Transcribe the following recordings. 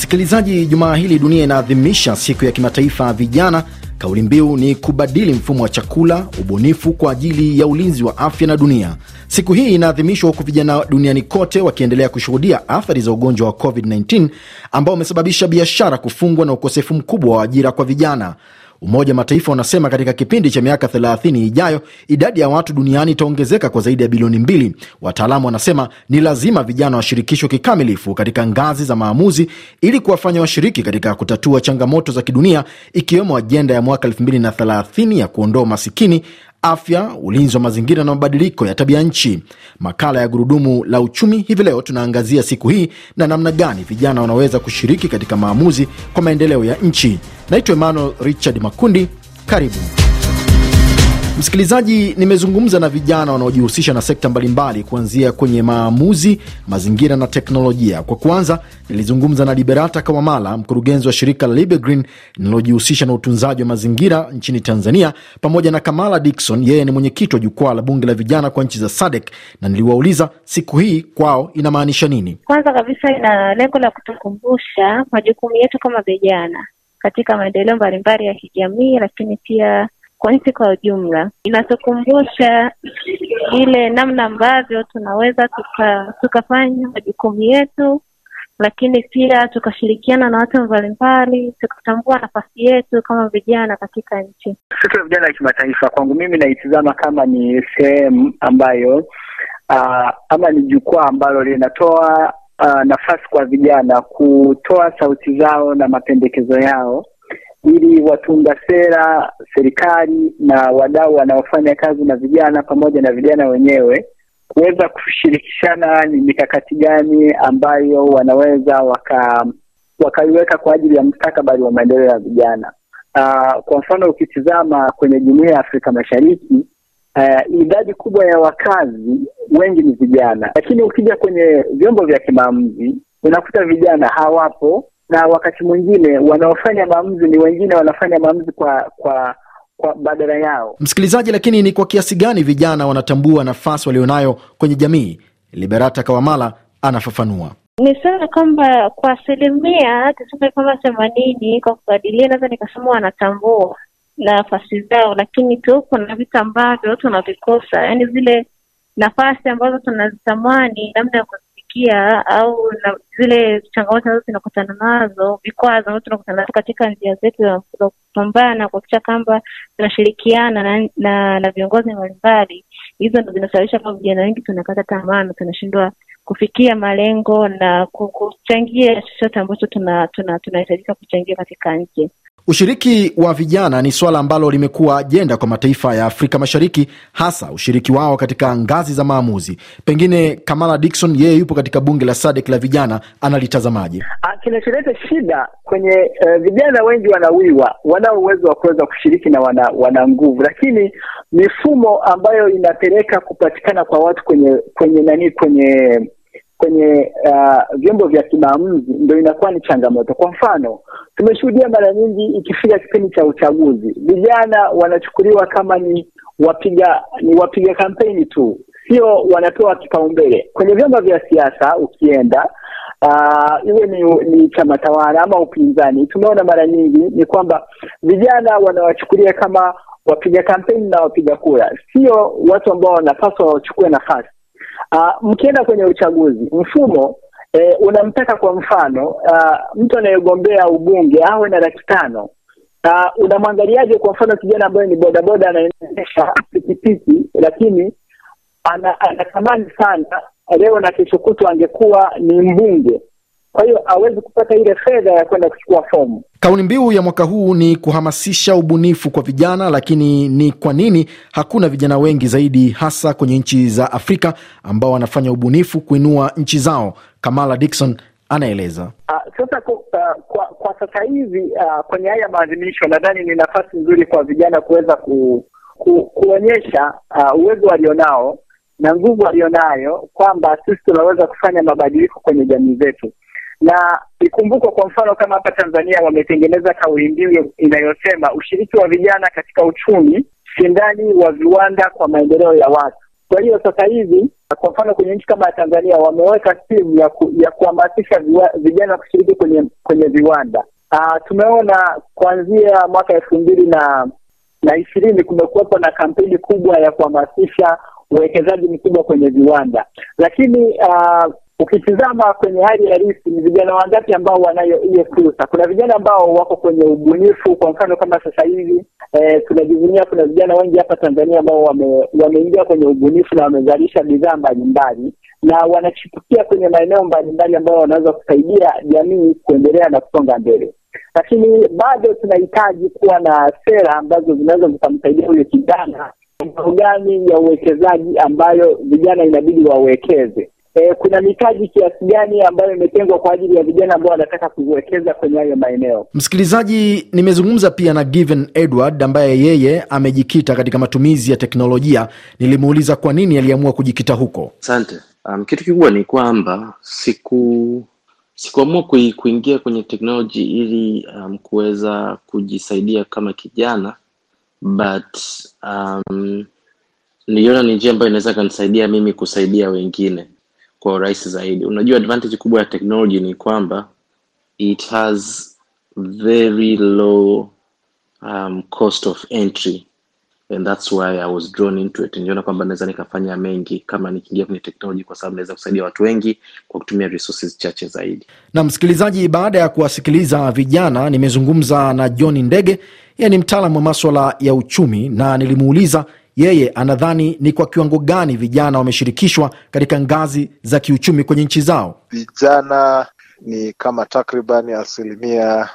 Msikilizaji, jumaa hili dunia inaadhimisha siku ya kimataifa ya vijana. Kauli mbiu ni kubadili mfumo wa chakula, ubunifu kwa ajili ya ulinzi wa afya na dunia. Siku hii inaadhimishwa huku vijana duniani kote wakiendelea kushuhudia athari za ugonjwa wa COVID-19 ambao umesababisha biashara kufungwa na ukosefu mkubwa wa ajira kwa vijana. Umoja wa Mataifa unasema katika kipindi cha miaka 30 ijayo idadi ya watu duniani itaongezeka kwa zaidi ya bilioni mbili. Wataalamu wanasema ni lazima vijana washirikishwe kikamilifu katika ngazi za maamuzi ili kuwafanya washiriki katika kutatua changamoto za kidunia, ikiwemo ajenda ya mwaka 2030 ya kuondoa umasikini afya, ulinzi wa mazingira na mabadiliko ya tabia nchi. Makala ya Gurudumu la Uchumi hivi leo tunaangazia siku hii na namna gani vijana wanaweza kushiriki katika maamuzi kwa maendeleo ya nchi. Naitwa Emmanuel Richard Makundi, karibu. Msikilizaji, nimezungumza na vijana wanaojihusisha na sekta mbalimbali kuanzia kwenye maamuzi, mazingira na teknolojia. Kwa kwanza, nilizungumza na Liberata Kawamala, mkurugenzi wa shirika la Libe linalojihusisha na utunzaji wa mazingira nchini Tanzania, pamoja na Kamala Dikson, yeye ni mwenyekiti wa jukwaa la bunge la vijana kwa nchi za SADC, na niliwauliza siku hii kwao inamaanisha nini. Kwanza kabisa, ina lengo la kutukumbusha majukumu yetu kama vijana katika maendeleo mbalimbali ya kijamii, lakini pia kwa nchi kwa ujumla. Inatukumbusha ile namna ambavyo tunaweza tuka, tukafanya majukumu yetu, lakini pia tukashirikiana na watu mbalimbali, tukatambua nafasi yetu kama vijana katika nchi. Siku ya vijana ya kimataifa kwangu mimi naitizama kama ni sehemu ambayo uh, ama ni jukwaa ambalo linatoa uh, nafasi kwa vijana kutoa sauti zao na mapendekezo yao ili watunga sera, serikali na wadau wanaofanya kazi na vijana pamoja na vijana wenyewe kuweza kushirikishana ni mikakati gani ambayo wanaweza waka wakaiweka kwa ajili ya mstakabali wa maendeleo ya vijana. Uh, kwa mfano ukitizama kwenye jumuiya ya Afrika Mashariki uh, idadi kubwa ya wakazi wengi ni vijana, lakini ukija kwenye vyombo vya kimaamuzi unakuta vijana hawapo na wakati mwingine wanaofanya maamuzi ni wengine wanafanya maamuzi kwa kwa kwa badala yao. Msikilizaji, lakini ni kwa kiasi gani vijana wanatambua nafasi walionayo kwenye jamii? Liberata Kawamala anafafanua. nisema kwamba kwa asilimia tuseme kwamba themanini, kwa kubadilia, naweza nikasema wanatambua nafasi zao, lakini tu kuna vitu ambavyo tunavikosa, yaani zile nafasi ambazo tunazitamani namna ya kufikia au na zile changamoto ambazo tunakutana nazo, vikwazo ambavyo tunakutana nazo katika njia zetu za kupambana, kuhakikisha kwamba tunashirikiana na, na, na viongozi mbalimbali. Hizo ndo zinasababisha kwamba vijana wengi tunakata tamaa na tunashindwa kufikia malengo na kuchangia chochote ambacho tunahitajika tuna, tuna kuchangia katika nchi. Ushiriki wa vijana ni suala ambalo limekuwa ajenda kwa mataifa ya Afrika Mashariki, hasa ushiriki wao katika ngazi za maamuzi. Pengine Kamala Dikson, yeye yupo katika bunge la SADC la vijana, analitazamaje? Ah, kinacholeta shida kwenye uh, vijana wengi wanawiwa, wanao uwezo wa kuweza kushiriki na wana, wana nguvu, lakini mifumo ambayo inapeleka kupatikana kwa watu kwenye kwenye nani kwenye kwenye uh, vyombo vya kimaamuzi ndo inakuwa ni changamoto. Kwa mfano, tumeshuhudia mara nyingi ikifika kipindi cha uchaguzi, vijana wanachukuliwa kama ni wapiga ni wapiga kampeni tu, sio wanapewa kipaumbele kwenye vyombo vya siasa. Ukienda uh, iwe ni, ni chama tawala ama upinzani, tumeona mara nyingi ni kwamba vijana wanawachukulia kama wapiga kampeni na wapiga kura, sio watu ambao wanapaswa wachukue nafasi Uh, mkienda kwenye uchaguzi mfumo e, unamtaka kwa mfano uh, mtu anayegombea ubunge awe na laki tano. Uh, unamwangaliaje kwa mfano kijana ambaye ni bodaboda anaendesha pikipiki, lakini anatamani ana sana leo na kesho kutwa angekuwa ni mbunge kwa hiyo hawezi kupata ile fedha ya kwenda kuchukua fomu. Kauli mbiu ya mwaka huu ni kuhamasisha ubunifu kwa vijana, lakini ni kwa nini hakuna vijana wengi zaidi, hasa kwenye nchi za Afrika ambao wanafanya ubunifu kuinua nchi zao? Kamala Dikson anaeleza. Uh, sasa ku, uh, kwa, kwa sasa hivi uh, kwenye haya maadhimisho nadhani ni nafasi nzuri kwa vijana kuweza ku, ku, kuonyesha uh, uwezo walionao na nguvu walionayo kwamba sisi tunaweza kufanya mabadiliko kwenye jamii zetu na ikumbukwe kwa mfano kama hapa Tanzania wametengeneza kauli mbiu inayosema ushiriki wa vijana katika uchumi, ndani wa viwanda kwa maendeleo ya watu. Kwa hiyo sasa hivi kwa mfano kwenye nchi kama ya Tanzania wameweka simu ya, ku, ya kuhamasisha vijana kushiriki kwenye kwenye viwanda. Aa, ah, tumeona kuanzia mwaka elfu mbili na na ishirini kumekuwepo na kampeni kubwa ya kuhamasisha uwekezaji mkubwa kwenye viwanda, lakini aa, ah, Ukitizama kwenye hali halisi ni vijana wangapi ambao wanayo hiyo fursa? Kuna vijana ambao wako kwenye ubunifu, kwa mfano kama sasa hivi e, eh, tunajivunia kuna vijana wengi hapa Tanzania ambao wameingia wame kwenye ubunifu na wamezalisha bidhaa mbalimbali na wanachipukia kwenye maeneo mbalimbali ambayo wanaweza kusaidia jamii kuendelea na kusonga mbele, lakini bado tunahitaji kuwa na sera ambazo zinaweza zikamsaidia huyo kijana, mambo gani ya uwekezaji ambayo vijana inabidi wawekeze e, kuna mitaji kiasi gani ambayo imetengwa kwa ajili ya vijana ambao wanataka kuwekeza kwenye hayo maeneo. Msikilizaji, nimezungumza pia na Given Edward ambaye yeye amejikita katika matumizi ya teknolojia. Nilimuuliza kwa nini aliamua kujikita huko. Asante. Um, kitu kikubwa ni kwamba siku sikuamua kuingia kwenye teknoloji ili um, kuweza kujisaidia kama kijana but um, niliona ni njia ambayo inaweza kanisaidia mimi kusaidia wengine kwa urahisi zaidi unajua advantage kubwa ya technology ni kwamba it has very low um, cost of entry and that's why i was drawn into it niliona kwamba naweza nikafanya mengi kama nikiingia kwenye teknoloji kwa sababu naweza kusaidia watu wengi kwa kutumia resources chache zaidi na msikilizaji baada ya kuwasikiliza vijana nimezungumza na john ndege yeye ni mtaalamu wa maswala ya uchumi na nilimuuliza yeye anadhani ni kwa kiwango gani vijana wameshirikishwa katika ngazi za kiuchumi kwenye nchi zao. Vijana ni kama takriban asilimia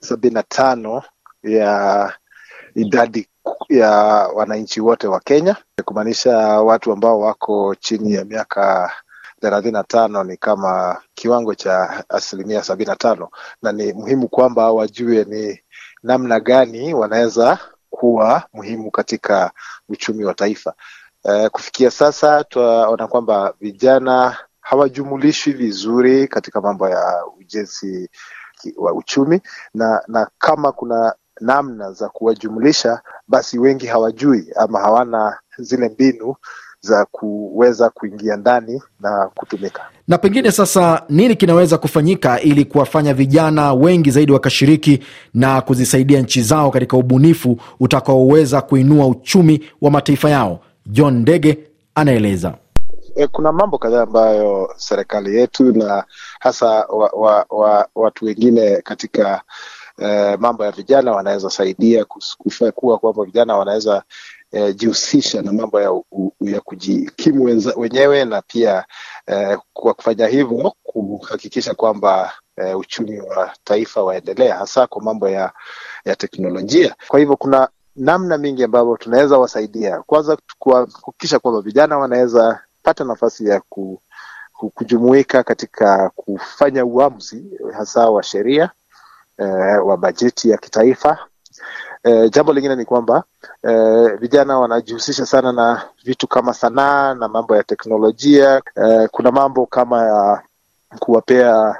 sabini na tano ya idadi ya wananchi wote wa Kenya, kumaanisha watu ambao wako chini ya miaka thelathini na tano ni kama kiwango cha asilimia sabini na tano na ni muhimu kwamba wajue ni namna gani wanaweza kuwa muhimu katika uchumi wa taifa. Uh, kufikia sasa tunaona kwamba vijana hawajumulishwi vizuri katika mambo ya ujenzi wa uchumi na, na kama kuna namna za kuwajumulisha basi wengi hawajui ama hawana zile mbinu za kuweza kuingia ndani na kutumika. Na pengine sasa, nini kinaweza kufanyika ili kuwafanya vijana wengi zaidi wakashiriki na kuzisaidia nchi zao katika ubunifu utakaoweza kuinua uchumi wa mataifa yao? John Ndege anaeleza. E, kuna mambo kadhaa ambayo serikali yetu na hasa wa, wa, wa, watu wengine katika Uh, mambo ya vijana wanaweza saidia kuwa kwamba vijana wanaweza eh, jihusisha na mambo ya, ya kujikimu wenyewe na pia eh, kwa kufanya hivyo kuhakikisha kwamba eh, uchumi wa taifa waendelea hasa kwa mambo ya, ya teknolojia. Kwa hivyo kuna namna mingi ambavyo tunaweza wasaidia, kwanza kuhakikisha kwamba vijana wanaweza pata nafasi ya ku, ku, kujumuika katika kufanya uamzi hasa wa sheria eh, wa bajeti ya kitaifa E, jambo lingine ni kwamba e, vijana wanajihusisha sana na vitu kama sanaa na mambo ya teknolojia. E, kuna mambo kama ya kuwapea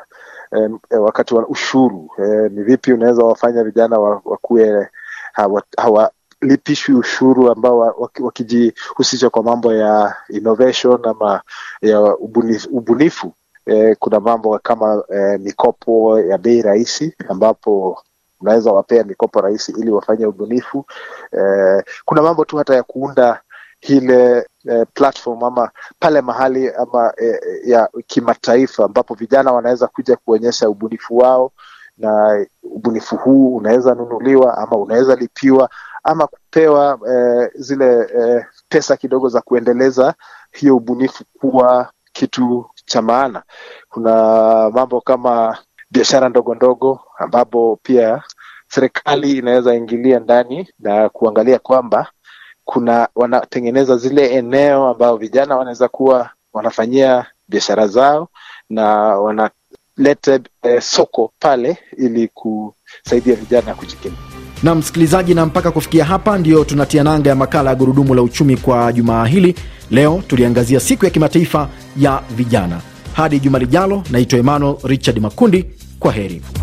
e, wakati wa ushuru e, ni vipi unaweza wafanya vijana wakuwe hawalipishwi hawa lipishwi ushuru ambao wakijihusisha kwa mambo ya innovation ama ya ubunifu, ubunifu. E, kuna mambo kama e, mikopo ya bei rahisi ambapo unaweza wapea mikopo rahisi ili wafanye ubunifu. Eh, kuna mambo tu hata ya kuunda ile eh, platform ama pale mahali ama eh, ya kimataifa ambapo vijana wanaweza kuja kuonyesha ubunifu wao, na ubunifu huu unaweza nunuliwa ama unaweza lipiwa ama kupewa eh, zile eh, pesa kidogo za kuendeleza hiyo ubunifu kuwa kitu cha maana. Kuna mambo kama biashara ndogo ndogo, ambapo pia serikali inaweza ingilia ndani na kuangalia kwamba kuna wanatengeneza zile eneo ambao vijana wanaweza kuwa wanafanyia biashara zao na wanaleta eh, soko pale ili kusaidia vijana kujikimu. Na msikilizaji, na mpaka kufikia hapa ndiyo tunatia nanga ya makala ya Gurudumu la Uchumi kwa jumaa hili. Leo tuliangazia siku ya kimataifa ya vijana. Hadi juma lijalo, naitwa Emmanuel Richard Makundi. Kwa heri.